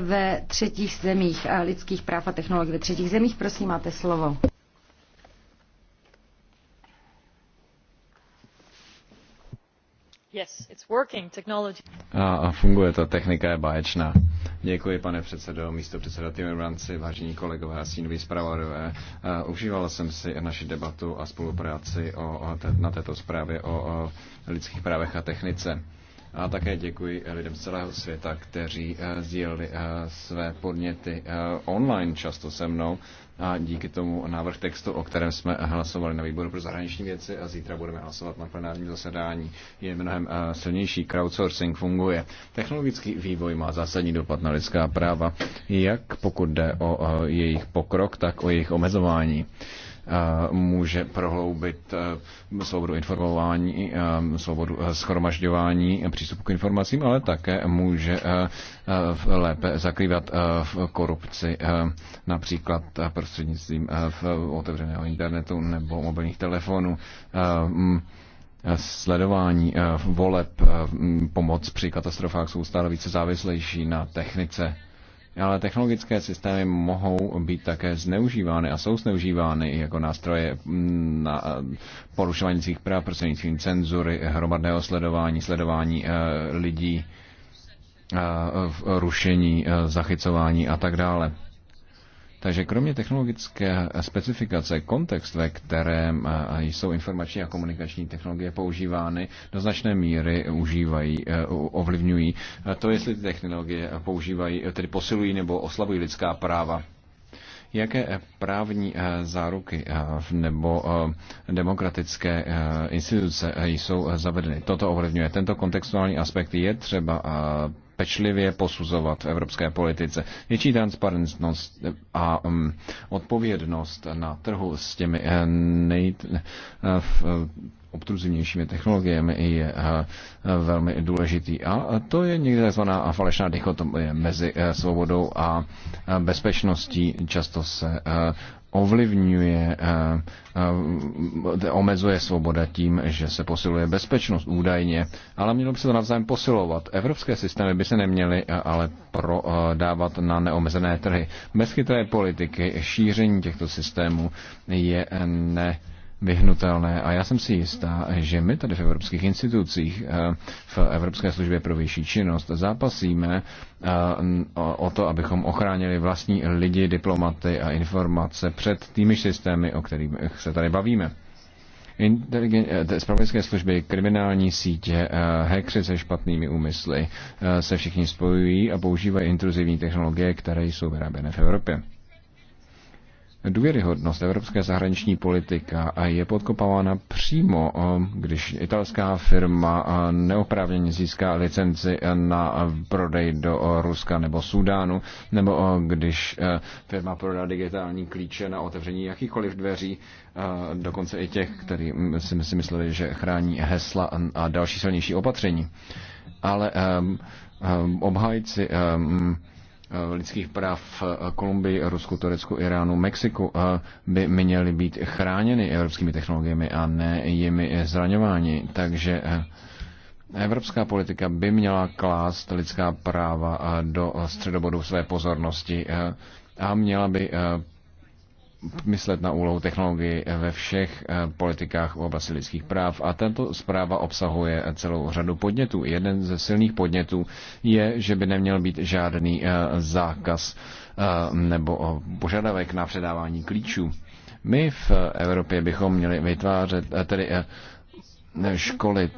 ve třetích zemích a eh, lidských práv a technologií ve třetích zemích. Prosím, máte slovo. Yes, it's working. Technology. A, funguje to, technika je báječná. Děkuji, pane předsedo, místo předseda Timmermansi, vážení kolegové a sínoví zpravodové. Eh, užívala jsem si naši debatu a spolupráci o, o, na této zprávě o, o lidských právech a technice. A také děkuji lidem z celého světa, kteří eh, sdíleli eh, své podněty eh, online často se mnou. A díky tomu návrh textu, o kterém jsme hlasovali na výboru pro zahraniční věci a zítra budeme hlasovat na plenárním zasedání, je mnohem silnější. Crowdsourcing funguje. Technologický vývoj má zásadní dopad na lidská práva, jak pokud jde o jejich pokrok, tak o jejich omezování. Eh, může prohloubit eh, svobodu informování, eh, svobodu schromažďování, přístupu k informacím, ale také může lépe zakrývat v korupci, například prostřednictvím otevřeného internetu nebo mobilních telefonů mm, sledování voleb, mm, pomoc při katastrofách jsou stále více závislejší na technice ale technologické systémy mohou být také zneužívány a jsou zneužívány jako nástroje mm, na eh, porušování svých práv prostřednictvím cenzury, hromadného sledování, sledování eh, lidí, eh, rušení, zachycování a tak dále. Takže kromě technologické specifikace, kontext, ve kterém jsou informační a komunikační technologie používány, do značné míry užívají, e, ovlivňují to, jestli ty technologie používají, e, tedy posilují nebo oslabují lidská práva jaké e, právní záruky nebo demokratické instituce jsou zavedeny. Toto ovlivňuje. Tento kontextuální aspekt je třeba pečlivě posuzovat v evropské politice. Větší transparentnost a um, odpovědnost na trhu s těmi eh, nej, eh, eh, obtruzivnějšími technologiemi je velmi důležitý. A to je někde takzvaná falešná dichotomie mezi svobodou a bezpečností. Často se ovlivňuje, eh, eh, omezuje svoboda tím, že se posiluje bezpečnost údajně, ale mělo by se to navzájem posilovat. Evropské systémy by se neměly eh, ale prodávat na neomezené trhy. Bez chytré politiky šíření těchto systémů je ne vyhnutelné. A já jsem si jistá, že my tady v evropských institucích, eh, v Evropské službě pro vyšší činnost, zápasíme eh, o to, abychom ochránili vlastní lidi, diplomaty a informace před tými systémy, o kterých se tady bavíme. Eh, spravodajské služby, kriminální sítě, hekři se špatnými úmysly se všichni spojují a používají intruzivní technologie, které jsou vyráběné v Evropě. Důvěryhodnost evropské zahraniční politika je podkopávána přímo, eh, když italská firma eh, neoprávněně získá licenci eh, na prodej do Ruska nebo Sudánu, nebo když firma prodá digitální klíče na otevření jakýchkoliv dveří, dokonce i těch, který mm, si, si mysleli, že chrání hesla a další silnější opatření. Ale obhájci mm, Eh, lidských práv eh, Kolumbii, Rusku, Turecku, Iránu, Mexiku eh, by měly být chráněny evropskými technologiemi a ne jimi zraňováni. Takže Evropská politika by měla klást lidská práva do středobodu své pozornosti a měla by myslet na úlohu technologii ve všech eh, politikách v oblasti lidských práv. A tento zpráva obsahuje eh, celou řadu podnětů. Jeden ze silných podnětů je, že by neměl být žádný eh, zákaz nebo požadavek na předávání klíčů. My v Evropě bychom měli vytvářet, tedy školit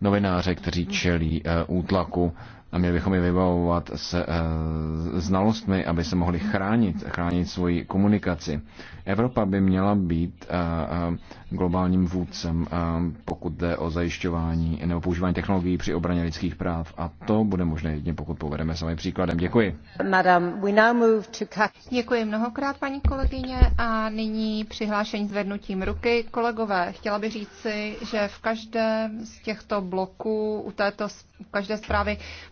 novináře, kteří čelí útlaku a měli bychom je vybavovat se eh, znalostmi, aby se mohli chránit, chránit svoji komunikaci. Evropa by měla být eh, eh, globálním vůdcem, pokud jde o zajišťování nebo používání technologií při obraně lidských práv. A to bude možné jedině, pokud povedeme sami příkladem. Děkuji. Madam, we now move to... Děkuji mnohokrát, paní kolegyně. A nyní přihlášení zvednutím ruky. Kolegové, chtěla bych říci, že v každém z těchto bloků, u této, u každé zprávy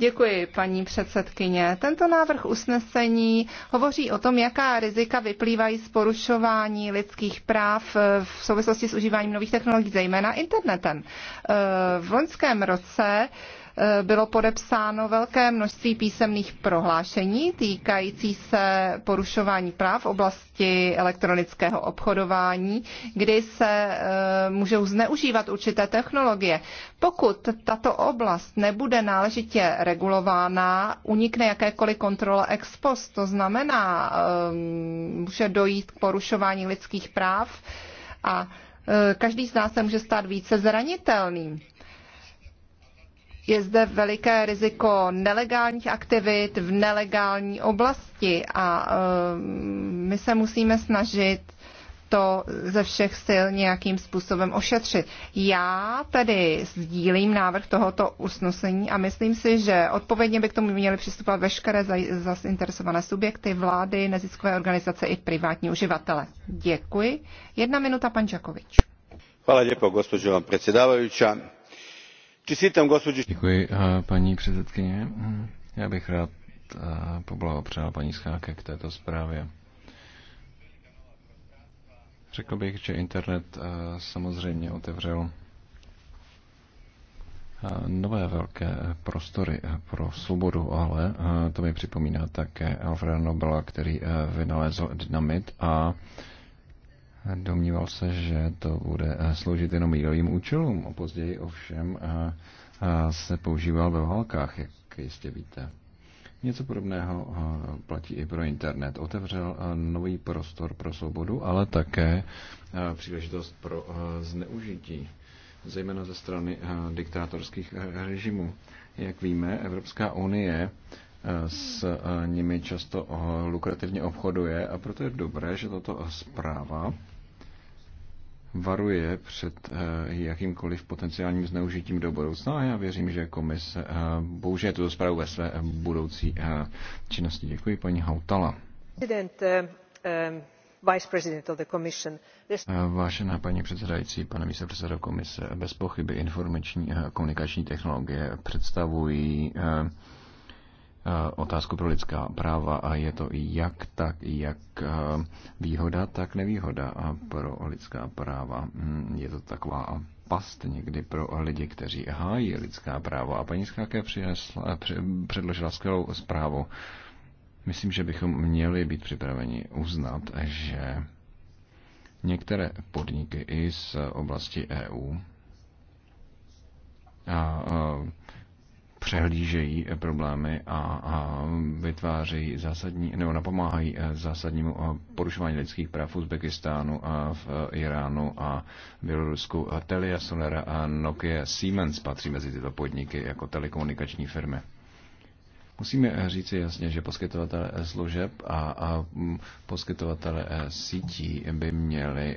Děkuji, paní předsedkyně. Tento návrh usnesení hovoří o tom, jaká rizika vyplývají z porušování lidských práv eh, v souvislosti s užíváním nových technologií, zejména internetem. Eh, v loňském roce bylo podepsáno velké množství písemných prohlášení týkající se porušování práv v oblasti elektronického obchodování, kdy se eh, můžou zneužívat určité technologie. Pokud tato oblast nebude náležitě regulována, unikne jakékoliv kontrole ex post. To znamená, eh, může dojít k porušování lidských práv a eh, každý z nás se může stát více zranitelným. Je zde veliké riziko nelegálních aktivit v nelegální oblasti a eh, my se musíme snažit to ze všech sil nějakým způsobem ošetřit. Já tedy sdílím návrh tohoto usnesení a myslím si, že odpovědně by k tomu měly přistupovat veškeré zainteresované subjekty, vlády, neziskové organizace i privátní uživatele. Děkuji. Jedna minuta, pan Čakovič. Hvala lijepo, gospođo predsjedavajuća Děkuji, eh, paní předsedkyně. Já bych rád eh, poblahopřál paní Scháke k této zprávě. Řekl bych, že internet eh, samozřejmě otevřel nové velké prostory pro svobodu, ale to mi připomíná také Alfred Nobela, který vynalezl dynamit a Domníval se, že to bude eh, sloužit jenom mírovým účelům, a později ovšem eh, eh, se používal ve válkách, jak jistě víte. Něco podobného platí i pro internet. Otevřel nový prostor pro svobodu, ale také příležitost pro zneužití, zejména ze strany diktátorských režimů. Jak víme, Evropská unie s eh, nimi často eh, lukrativně obchoduje a proto je dobré, že tato eh, zpráva varuje před jakýmkoliv potenciálním zneužitím do budoucna a já věřím, že komise použije tuto zprávu ve své budoucí činnosti. Děkuji paní Hautala. Vážená paní předsedající, pane místopředsedo komise, bez pochyby informační a komunikační technologie představují Eh, otázku pro lidská práva a je to jak tak, jak eh, výhoda, tak nevýhoda pro lidská práva. Mm, je to taková past někdy pro lidi, kteří hájí lidská práva. A paní Skáke přinesla, předložila skvělou zprávu. Myslím, že bychom měli být připraveni uznat, že některé podniky i z oblasti EU a přehlížejí problémy a, a vytvářejí zásadní, nebo napomáhají eh, zásadnímu eh, porušování lidských práv v Uzbekistánu a v eh, Iránu a Bělorusku. Telia, Sonera a Nokia Siemens patří mezi tyto podniky jako telekomunikační firmy. Musíme říci jasně, že poskytovatele služeb a, a mm, poskytovatele sítí by měli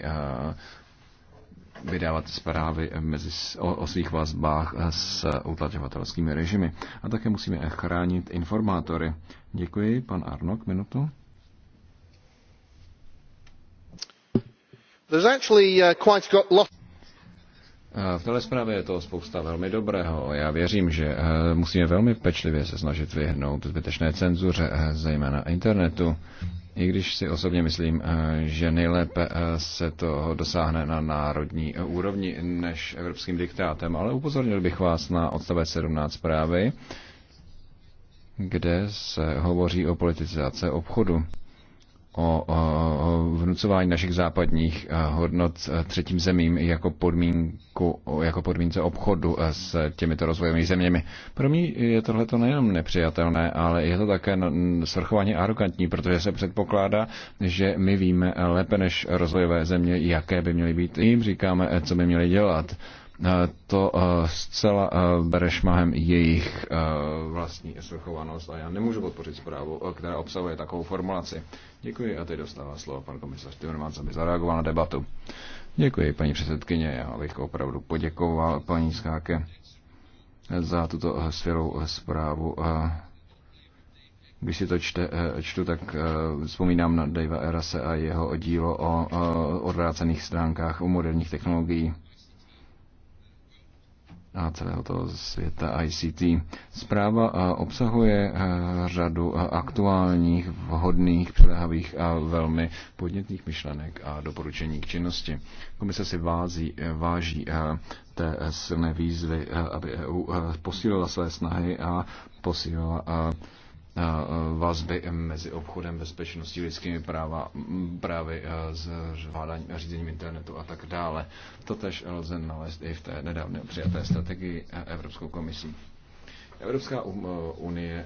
vydávat zprávy mezi, o, o svých vazbách s utlačovatelskými režimy. A také musíme chránit informátory. Děkuji, pan Arnok, minutu. Uh, eh, v téhle zprávě je toho spousta velmi dobrého. Já věřím, že eh, musíme velmi pečlivě se snažit vyhnout zbytečné cenzuře, eh, zejména internetu. I když si osobně myslím, eh, že nejlépe eh, se to dosáhne na národní eh, úrovni než evropským diktátem, ale upozornil bych vás na odstavec 17 zprávy, kde se hovoří o politizace obchodu o, vnucování našich západních eh, hodnot eh, třetím zemím jako, podmínku, jako podmínce obchodu eh, s těmito rozvojovými zeměmi. Pro mě je tohle to nejenom nepřijatelné, ale je to také svrchovaně arrogantní, protože se předpokládá, že my víme lépe než rozvojové země, jaké by měly být. Jim říkáme, co by měly dělat Eh, to eh, zcela eh, bere šmahem jejich vlastní svrchovanost a já nemůžu podpořit zprávu, která obsahuje takovou formulaci. Děkuji a teď dostává slovo pan komisař Timmermans, aby zareagoval na debatu. Děkuji, paní předsedkyně, já bych opravdu poděkoval paní Skáke za tuto skvělou zprávu. Když si to čte, čtu, tak vzpomínám na Davea Erase a jeho dílo o odvrácených stránkách o moderních technologií a celého toho světa ICT. Zpráva eh, obsahuje eh, řadu eh, aktuálních, vhodných, přilehavých a velmi podnětných myšlenek a doporučení k činnosti. Komise si vází, váží té silné výzvy, aby EU posílila své snahy a posílila Eh, vazby mezi obchodem, bezpečností, lidskými práva, právy eh, s řízením internetu a tak dále. To tež lze nalézt i v té nedávné přijaté strategii eh, Evropskou komisí. Evropská um, unie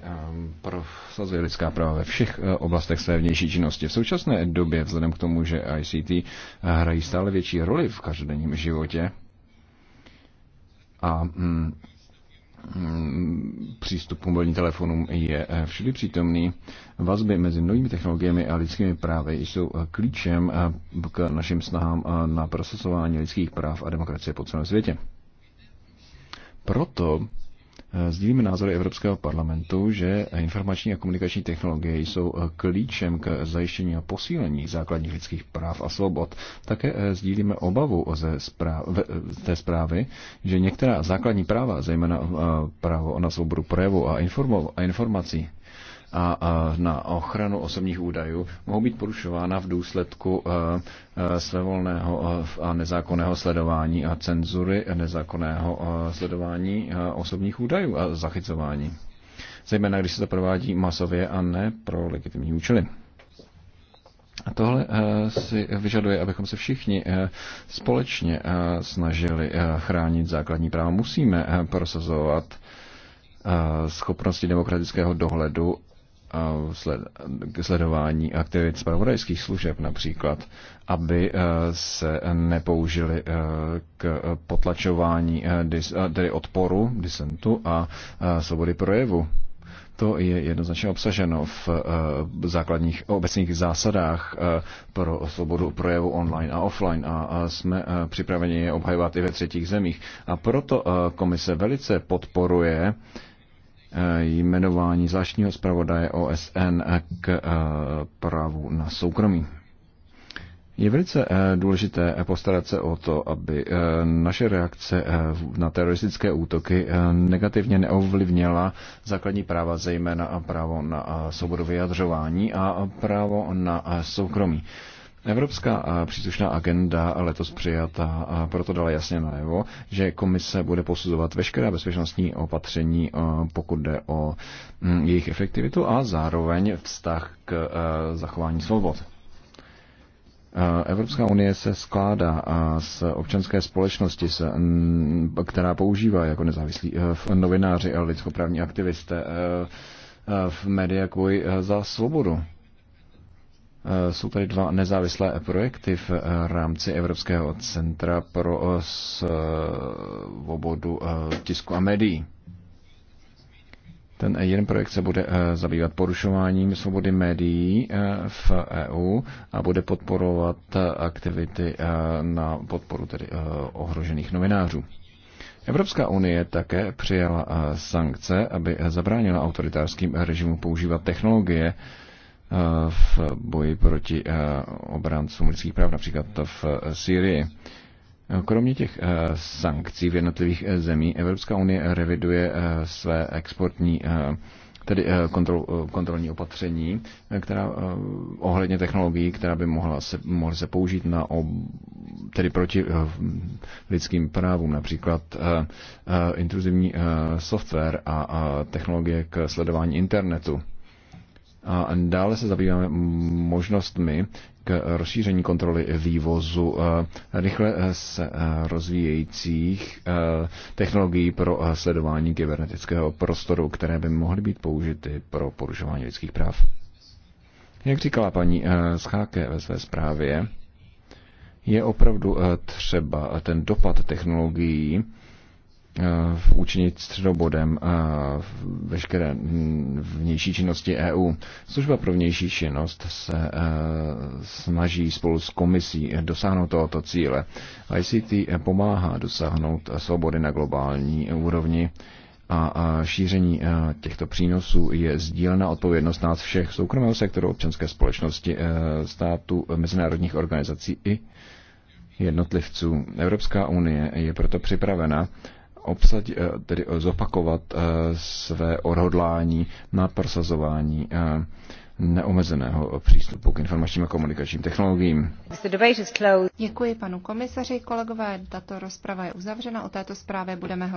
prosazuje lidská práva ve všech oblastech své vnější činnosti. V současné době, vzhledem k tomu, že ICT hrají stále větší roli v každodenním životě, a mm, Mm, přístup k mobilním telefonům je eh, všudy přítomný. Vazby mezi novými technologiemi a lidskými právy jsou eh, klíčem eh, k našim snahám na prosazování lidských práv a demokracie po celém světě. Proto Eh, sdílíme názory Evropského parlamentu, že informační a komunikační technologie jsou eh, klíčem k zajištění a posílení základních lidských práv a svobod. Také eh, sdílíme obavu ze zpráv, té zprávy, že některá základní práva, zejména právo na svobodu projevu a, informo, a informací, a na ochranu osobních údajů mohou být porušována v důsledku e, e, svévolného e, a nezákonného sledování a cenzury nezákonného sledování osobních údajů a zachycování. Zejména když se to provádí masově a ne pro legitimní účely. A tohle si vyžaduje, abychom se všichni společně snažili chránit základní práva. Musíme prosazovat schopnosti demokratického dohledu k sledování aktivit spravodajských služeb například, aby eh, se nepoužili eh, k potlačování eh, tedy odporu, disentu a svobody projevu. To je jednoznačně obsaženo v základních obecných zásadách pro svobodu projevu online a offline a jsme připraveni je obhajovat i ve třetích zemích. A proto komise velice podporuje jmenování zvláštního zpravodaje OSN k eh, právu na soukromí. Je velice eh, důležité postarat se o to, aby eh, naše reakce na teroristické útoky negativně neovlivnila základní práva, zejména právo na svobodu vyjadřování a právo na soukromí. Evropská příslušná agenda letos přijatá a proto dala jasně najevo, že komise bude posuzovat veškerá bezpečnostní opatření, pokud jde o mm, jejich efektivitu a zároveň vztah k e, zachování svobod. E, Evropská unie se skládá z občanské společnosti, která používá jako nezávislí e, novináři a lidskoprávní aktivisté v média jako, kvůli za svobodu. Eh, jsou tady dva nezávislé projekty v eh, rámci Evropského centra pro eh, svobodu tisku a médií. Ten jeden projekt se bude zabývat porušováním svobody médií v EU a bude podporovat aktivity na podporu tedy ohrožených novinářů. Evropská unie také přijala sankce, aby zabránila autoritářským režimům používat technologie, v boji proti eh, obráncům lidských práv, například v eh, Syrii. Kromě těch eh, sankcí v jednotlivých zemí Evropská unie reviduje své exportní tedy kontrol, kontrolní opatření, která ohledně technologií, která by mohla se, mohla se použít na ob, tedy proti lidským právům, například intruzivní software a technologie k sledování internetu. A dále se zabýváme možnostmi k rozšíření kontroly vývozu eh, rychle eh, se eh, rozvíjejících technologií pro sledování kybernetického prostoru, které by mohly být použity pro porušování lidských práv. Jak říkala paní Scháke ve své zprávě, je opravdu třeba ten dopad technologií Eh, učinit středobodem eh, veškeré vnější činnosti EU. Služba pro vnější činnost se eh, snaží spolu s komisí dosáhnout tohoto cíle. ICT pomáhá dosáhnout svobody na globální úrovni a šíření těchto přínosů je sdílená odpovědnost nás všech, soukromého sektoru, občanské společnosti, státu, mezinárodních organizací i jednotlivců. Evropská unie je proto připravena obsad, eh, tedy eh, zopakovat eh, své odhodlání na prosazování neomezeného přístupu k informačním a komunikačním technologiím. Děkuji panu komisaři, kolegové. Tato rozprava je uzavřena. O této zprávě budeme hlasovat.